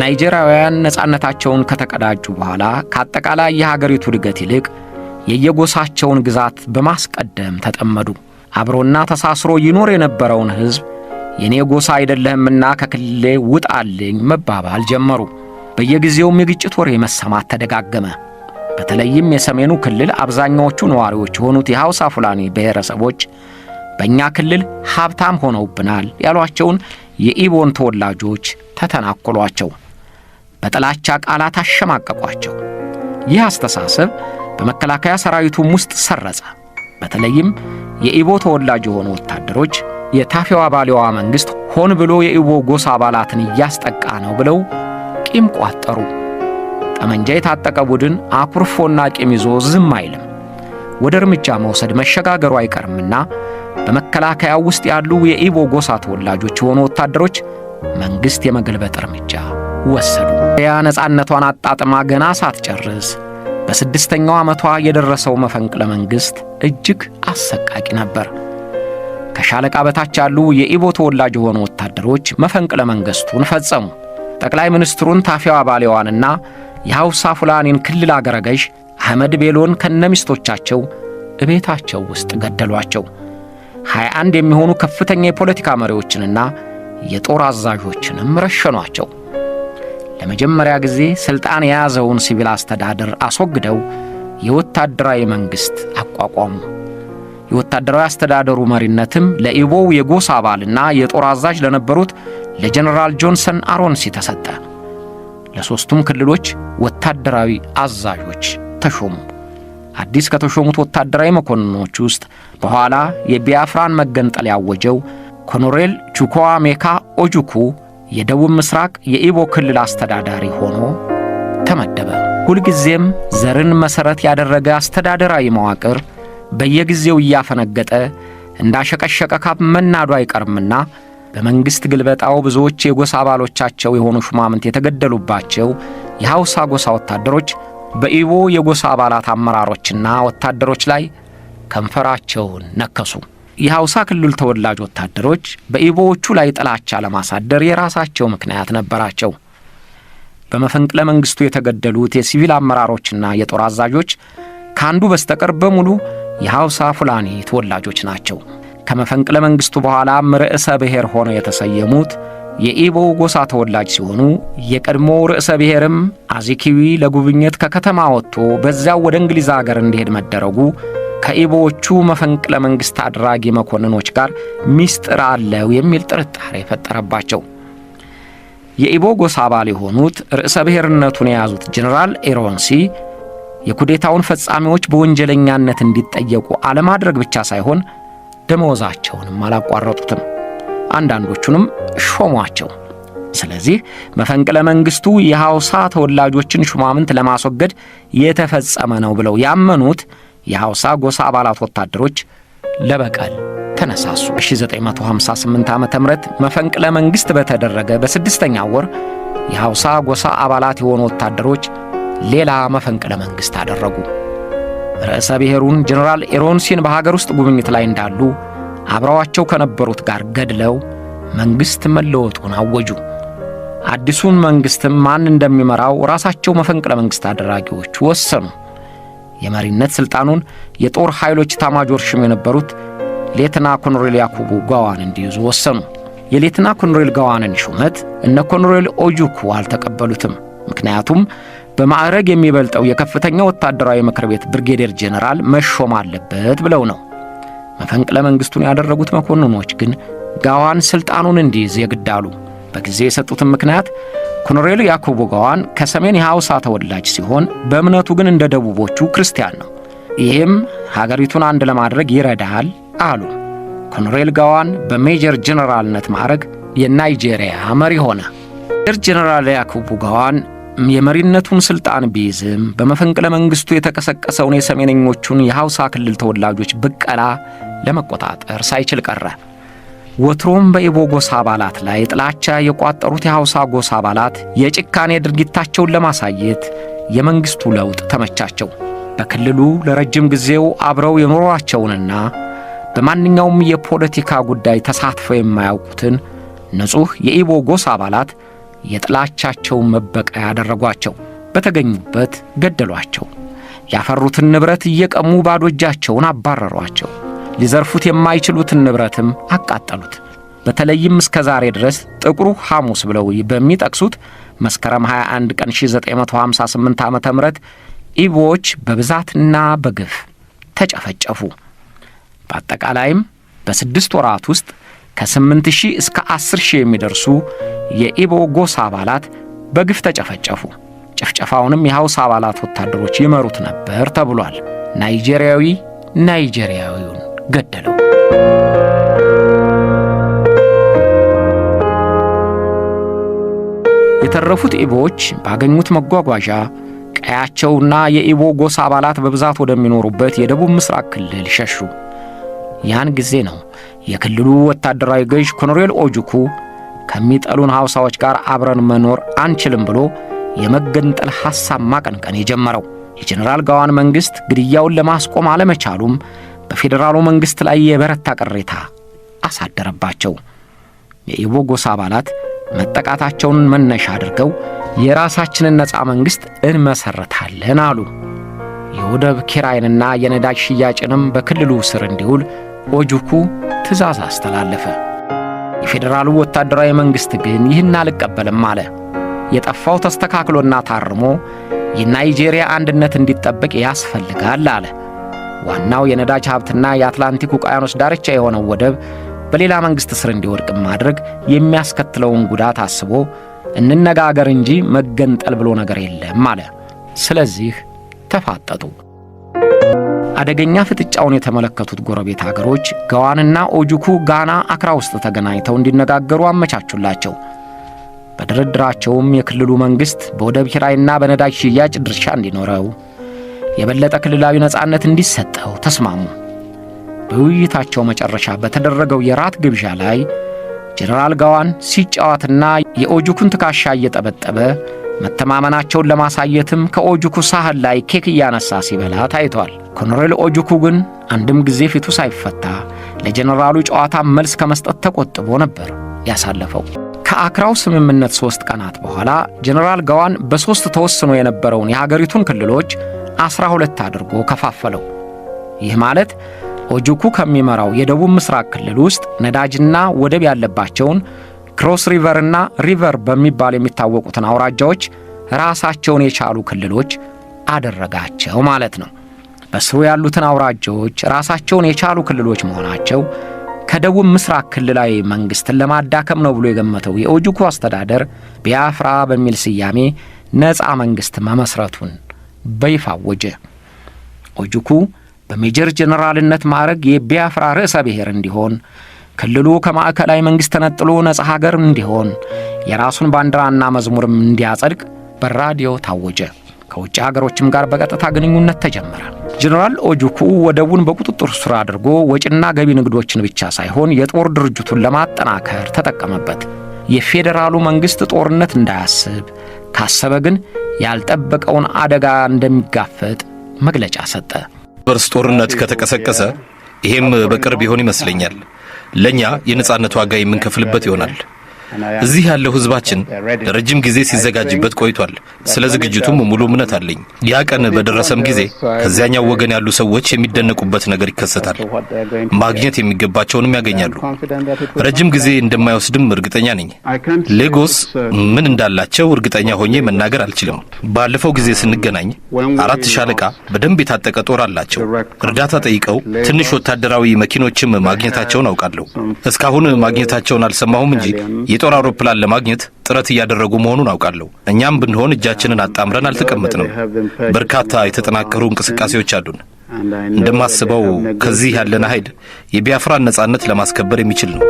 ናይጄሪያውያን ነፃነታቸውን ከተቀዳጁ በኋላ ከአጠቃላይ የሀገሪቱ እድገት ይልቅ የየጎሳቸውን ግዛት በማስቀደም ተጠመዱ። አብሮና ተሳስሮ ይኖር የነበረውን ሕዝብ የእኔ ጎሳ አይደለህምና ከክልሌ ውጣልኝ መባባል ጀመሩ። በየጊዜውም የግጭት ወሬ መሰማት ተደጋገመ። በተለይም የሰሜኑ ክልል አብዛኛዎቹ ነዋሪዎች የሆኑት የሐውሳ ፉላኒ ብሔረሰቦች በእኛ ክልል ሀብታም ሆነውብናል ያሏቸውን የኢቦን ተወላጆች ተተናኮሏቸው፣ በጥላቻ ቃላት አሸማቀቋቸው። ይህ አስተሳሰብ በመከላከያ ሰራዊቱም ውስጥ ሰረጸ። በተለይም የኢቦ ተወላጅ የሆኑ ወታደሮች የታፊዋ ባሌዋ መንግሥት ሆን ብሎ የኢቦ ጎሳ አባላትን እያስጠቃ ነው ብለው ቂም ቋጠሩ። ጠመንጃ የታጠቀ ቡድን አኩርፎና ቂም ይዞ ዝም አይልም። ወደ እርምጃ መውሰድ መሸጋገሩ አይቀርምና በመከላከያው ውስጥ ያሉ የኢቦ ጎሳ ተወላጆች የሆኑ ወታደሮች መንግሥት የመገልበጥ እርምጃ ወሰዱ። ያ ነፃነቷን አጣጥማ ገና ሳትጨርስ በስድስተኛው ዓመቷ የደረሰው መፈንቅለ መንግሥት እጅግ አሰቃቂ ነበር። ከሻለቃ በታች ያሉ የኢቦ ተወላጅ የሆኑ ወታደሮች መፈንቅለ መንግሥቱን ፈጸሙ። ጠቅላይ ሚኒስትሩን ታፊዋ ባሌዋንና የሐውሳ ፉላኔን ክልል አገረገዥ አህመድ ቤሎን ከነሚስቶቻቸው እቤታቸው ውስጥ ገደሏቸው። 21 የሚሆኑ ከፍተኛ የፖለቲካ መሪዎችንና የጦር አዛዦችንም ረሸኗቸው። ለመጀመሪያ ጊዜ ሥልጣን የያዘውን ሲቪል አስተዳደር አስወግደው የወታደራዊ መንግሥት አቋቋሙ። የወታደራዊ አስተዳደሩ መሪነትም ለኢቦው የጎሳ አባልና የጦር አዛዥ ለነበሩት ለጀነራል ጆንሰን አሮንሲ ተሰጠ። ለሦስቱም ክልሎች ወታደራዊ አዛዦች ተሾሙ። አዲስ ከተሾሙት ወታደራዊ መኮንኖች ውስጥ በኋላ የቢያፍራን መገንጠል ያወጀው ኮኖሬል ሜካ ኦጁኩ የደቡብ ምስራቅ የኢቦ ክልል አስተዳዳሪ ሆኖ ተመደበ። ሁልጊዜም ዘርን መሠረት ያደረገ አስተዳደራዊ መዋቅር በየጊዜው እያፈነገጠ እንዳሸቀሸቀ ካብ መናዱ አይቀርምና በመንግሥት ግልበጣው ብዙዎች የጎሳ አባሎቻቸው የሆኑ ሹማምንት የተገደሉባቸው የሐውሳ ጎሳ ወታደሮች በኢቦ የጎሳ አባላት አመራሮችና ወታደሮች ላይ ከንፈራቸውን ነከሱ። የሐውሳ ክልል ተወላጅ ወታደሮች በኢቦዎቹ ላይ ጥላቻ ለማሳደር የራሳቸው ምክንያት ነበራቸው። በመፈንቅለ መንግስቱ የተገደሉት የሲቪል አመራሮችና የጦር አዛዦች ከአንዱ በስተቀር በሙሉ የሐውሳ ፉላኒ ተወላጆች ናቸው። ከመፈንቅለ መንግስቱ በኋላም ርዕሰ ብሔር ሆነው የተሰየሙት የኢቦ ጎሳ ተወላጅ ሲሆኑ የቀድሞ ርዕሰ ብሔርም አዚኪዊ ለጉብኝት ከከተማ ወጥቶ በዚያው ወደ እንግሊዝ አገር እንዲሄድ መደረጉ ከኢቦዎቹ መፈንቅለ መንግሥት አድራጊ መኮንኖች ጋር ሚስጥር አለው የሚል ጥርጣሬ የፈጠረባቸው። የኢቦ ጎሳ አባል የሆኑት ርዕሰ ብሔርነቱን የያዙት ጀኔራል ኤሮንሲ የኩዴታውን ፈጻሚዎች በወንጀለኛነት እንዲጠየቁ አለማድረግ ብቻ ሳይሆን ደመወዛቸውንም አላቋረጡትም። አንዳንዶቹንም ሾሟቸው። ስለዚህ መፈንቅለ መንግስቱ የሐውሳ ተወላጆችን ሹማምንት ለማስወገድ የተፈጸመ ነው ብለው ያመኑት የሐውሳ ጎሳ አባላት ወታደሮች ለበቀል ተነሳሱ። 1958 ዓ ም መፈንቅለ መንግሥት በተደረገ በስድስተኛ ወር የሐውሳ ጎሳ አባላት የሆኑ ወታደሮች ሌላ መፈንቅለ መንግሥት አደረጉ። ርዕሰ ብሔሩን ጀኔራል ኤሮንሲን በሀገር ውስጥ ጉብኝት ላይ እንዳሉ አብረዋቸው ከነበሩት ጋር ገድለው መንግሥት መለወጡን አወጁ። አዲሱን መንግሥትም ማን እንደሚመራው ራሳቸው መፈንቅለ መንግሥት አደራጊዎች ወሰኑ። የመሪነት ሥልጣኑን የጦር ኃይሎች ታማጆር ሹም የነበሩት ሌትና ኮኖሬል ያኩቡ ጋዋን እንዲይዙ ወሰኑ። የሌትና ኮኖሬል ጋዋንን ሹመት እነ ኮኖሬል ኦጁኩ አልተቀበሉትም። ምክንያቱም በማዕረግ የሚበልጠው የከፍተኛ ወታደራዊ ምክር ቤት ብርጌዴር ጄኔራል መሾም አለበት ብለው ነው። መፈንቅለ መንግሥቱን ያደረጉት መኮንኖች ግን ጋዋን ሥልጣኑን እንዲይዝ የግድ አሉ። በጊዜ የሰጡትም ምክንያት ኮሎኔሉ ያኮቦ ጋዋን ከሰሜን የሐውሳ ተወላጅ ሲሆን በእምነቱ ግን እንደ ደቡቦቹ ክርስቲያን ነው። ይህም ሀገሪቱን አንድ ለማድረግ ይረዳሃል አሉ። ኮሎኔል ጋዋን በሜጀር ጀነራልነት ማዕረግ የናይጄሪያ መሪ ሆነ። ሜጀር ጀነራል ያዕቆብ ጋዋን የመሪነቱን ስልጣን ቢይዝም በመፈንቅለ መንግሥቱ የተቀሰቀሰውን የሰሜነኞቹን የሐውሳ ክልል ተወላጆች ብቀላ ለመቆጣጠር ሳይችል ቀረ። ወትሮም በኢቦ ጎሳ አባላት ላይ ጥላቻ የቋጠሩት የሐውሳ ጎሳ አባላት የጭካኔ ድርጊታቸውን ለማሳየት የመንግሥቱ ለውጥ ተመቻቸው። በክልሉ ለረጅም ጊዜው አብረው የኖሯቸውንና በማንኛውም የፖለቲካ ጉዳይ ተሳትፈው የማያውቁትን ንጹሕ የኢቦ ጎሳ አባላት የጥላቻቸውን መበቀያ ያደረጓቸው፣ በተገኙበት ገደሏቸው፣ ያፈሩትን ንብረት እየቀሙ ባዶ እጃቸውን አባረሯቸው። ሊዘርፉት የማይችሉትን ንብረትም አቃጠሉት። በተለይም እስከ ዛሬ ድረስ ጥቁሩ ሐሙስ ብለው በሚጠቅሱት መስከረም 21 ቀን 1958 ዓ ም ኢቦዎች በብዛትና በግፍ ተጨፈጨፉ። በአጠቃላይም በስድስት ወራት ውስጥ ከ8 ሺህ እስከ 10 ሺህ የሚደርሱ የኢቦ ጎሳ አባላት በግፍ ተጨፈጨፉ። ጭፍጨፋውንም የሐውስ አባላት ወታደሮች ይመሩት ነበር ተብሏል። ናይጄሪያዊ ናይጄሪያዊውን ገደለው። የተረፉት ኢቦዎች ባገኙት መጓጓዣ ቀያቸውና የኢቦ ጎሳ አባላት በብዛት ወደሚኖሩበት የደቡብ ምስራቅ ክልል ሸሹ። ያን ጊዜ ነው የክልሉ ወታደራዊ ገዥ ኮሎኔል ኦጁኩ ከሚጠሉን ሐውሳዎች ጋር አብረን መኖር አንችልም ብሎ የመገንጠል ሐሳብ ማቀንቀን የጀመረው። የጀኔራል ጋዋን መንግሥት ግድያውን ለማስቆም አለመቻሉም በፌዴራሉ መንግሥት ላይ የበረታ ቅሬታ አሳደረባቸው። የኢቦ ጎሳ አባላት መጠቃታቸውን መነሻ አድርገው የራሳችንን ነፃ መንግሥት እንመሠረታለን አሉ። የወደብ ኪራይንና የነዳጅ ሽያጭንም በክልሉ ስር እንዲውል ኦጁኩ ትእዛዝ አስተላለፈ። የፌዴራሉ ወታደራዊ መንግሥት ግን ይህን አልቀበልም አለ። የጠፋው ተስተካክሎና ታርሞ የናይጄሪያ አንድነት እንዲጠበቅ ያስፈልጋል አለ። ዋናው የነዳጅ ሀብትና የአትላንቲክ ውቅያኖስ ዳርቻ የሆነው ወደብ በሌላ መንግሥት ስር እንዲወድቅ ማድረግ የሚያስከትለውን ጉዳት አስቦ እንነጋገር እንጂ መገንጠል ብሎ ነገር የለም አለ። ስለዚህ ተፋጠጡ። አደገኛ ፍጥጫውን የተመለከቱት ጎረቤት አገሮች ገዋንና ኦጁኩ ጋና አክራ ውስጥ ተገናኝተው እንዲነጋገሩ አመቻቹላቸው። በድርድራቸውም የክልሉ መንግሥት በወደብ ኪራይና በነዳጅ ሽያጭ ድርሻ እንዲኖረው የበለጠ ክልላዊ ነፃነት እንዲሰጠው ተስማሙ። በውይይታቸው መጨረሻ በተደረገው የራት ግብዣ ላይ ጀነራል ጋዋን ሲጫወትና የኦጁኩን ትካሻ እየጠበጠበ መተማመናቸውን ለማሳየትም ከኦጁኩ ሳህን ላይ ኬክ እያነሳ ሲበላ ታይቷል። ኮሎኔል ኦጁኩ ግን አንድም ጊዜ ፊቱ ሳይፈታ ለጀነራሉ ጨዋታ መልስ ከመስጠት ተቆጥቦ ነበር ያሳለፈው። ከአክራው ስምምነት ሦስት ቀናት በኋላ ጀነራል ጋዋን በሦስት ተወስኖ የነበረውን የሀገሪቱን ክልሎች አስራ ሁለት አድርጎ ከፋፈለው። ይህ ማለት ኦጁኩ ከሚመራው የደቡብ ምስራቅ ክልል ውስጥ ነዳጅና ወደብ ያለባቸውን ክሮስ ሪቨርና ሪቨር በሚባል የሚታወቁትን አውራጃዎች ራሳቸውን የቻሉ ክልሎች አደረጋቸው ማለት ነው። በስሩ ያሉትን አውራጃዎች ራሳቸውን የቻሉ ክልሎች መሆናቸው ከደቡብ ምስራቅ ክልላዊ መንግስትን ለማዳከም ነው ብሎ የገመተው የኦጁኩ አስተዳደር ቢያፍራ በሚል ስያሜ ነፃ መንግስት መመስረቱን በይፋ አወጀ። ኦጁኩ በሜጀር ጀነራልነት ማዕረግ የቢያፍራ ርዕሰ ብሔር እንዲሆን፣ ክልሉ ከማዕከላዊ መንግሥት ተነጥሎ ነጻ ሀገር እንዲሆን፣ የራሱን ባንዲራና መዝሙርም እንዲያጸድቅ በራዲዮ ታወጀ። ከውጭ ሀገሮችም ጋር በቀጥታ ግንኙነት ተጀመረ። ጀነራል ኦጁኩ ወደቡን በቁጥጥር ስር አድርጎ ወጪና ገቢ ንግዶችን ብቻ ሳይሆን የጦር ድርጅቱን ለማጠናከር ተጠቀመበት። የፌዴራሉ መንግሥት ጦርነት እንዳያስብ ካሰበ ግን ያልጠበቀውን አደጋ እንደሚጋፈጥ መግለጫ ሰጠ። በርስ ጦርነት ከተቀሰቀሰ ይሄም በቅርብ ይሆን ይመስለኛል። ለእኛ የነጻነት ዋጋ የምንከፍልበት ይሆናል። እዚህ ያለው ህዝባችን ለረጅም ጊዜ ሲዘጋጅበት ቆይቷል። ስለ ዝግጅቱም ሙሉ እምነት አለኝ። ያ ቀን በደረሰም ጊዜ ከዚያኛው ወገን ያሉ ሰዎች የሚደነቁበት ነገር ይከሰታል። ማግኘት የሚገባቸውንም ያገኛሉ። ረጅም ጊዜ እንደማይወስድም እርግጠኛ ነኝ። ሌጎስ ምን እንዳላቸው እርግጠኛ ሆኜ መናገር አልችልም። ባለፈው ጊዜ ስንገናኝ አራት ሻለቃ በደንብ የታጠቀ ጦር አላቸው። እርዳታ ጠይቀው ትንሽ ወታደራዊ መኪኖችም ማግኘታቸውን አውቃለሁ። እስካሁን ማግኘታቸውን አልሰማሁም እንጂ የጦር አውሮፕላን ለማግኘት ጥረት እያደረጉ መሆኑን አውቃለሁ። እኛም ብንሆን እጃችንን አጣምረን አልተቀመጥንም። በርካታ የተጠናከሩ እንቅስቃሴዎች አሉን። እንደማስበው ከዚህ ያለን ኃይል የቢያፍራን ነጻነት ለማስከበር የሚችል ነው።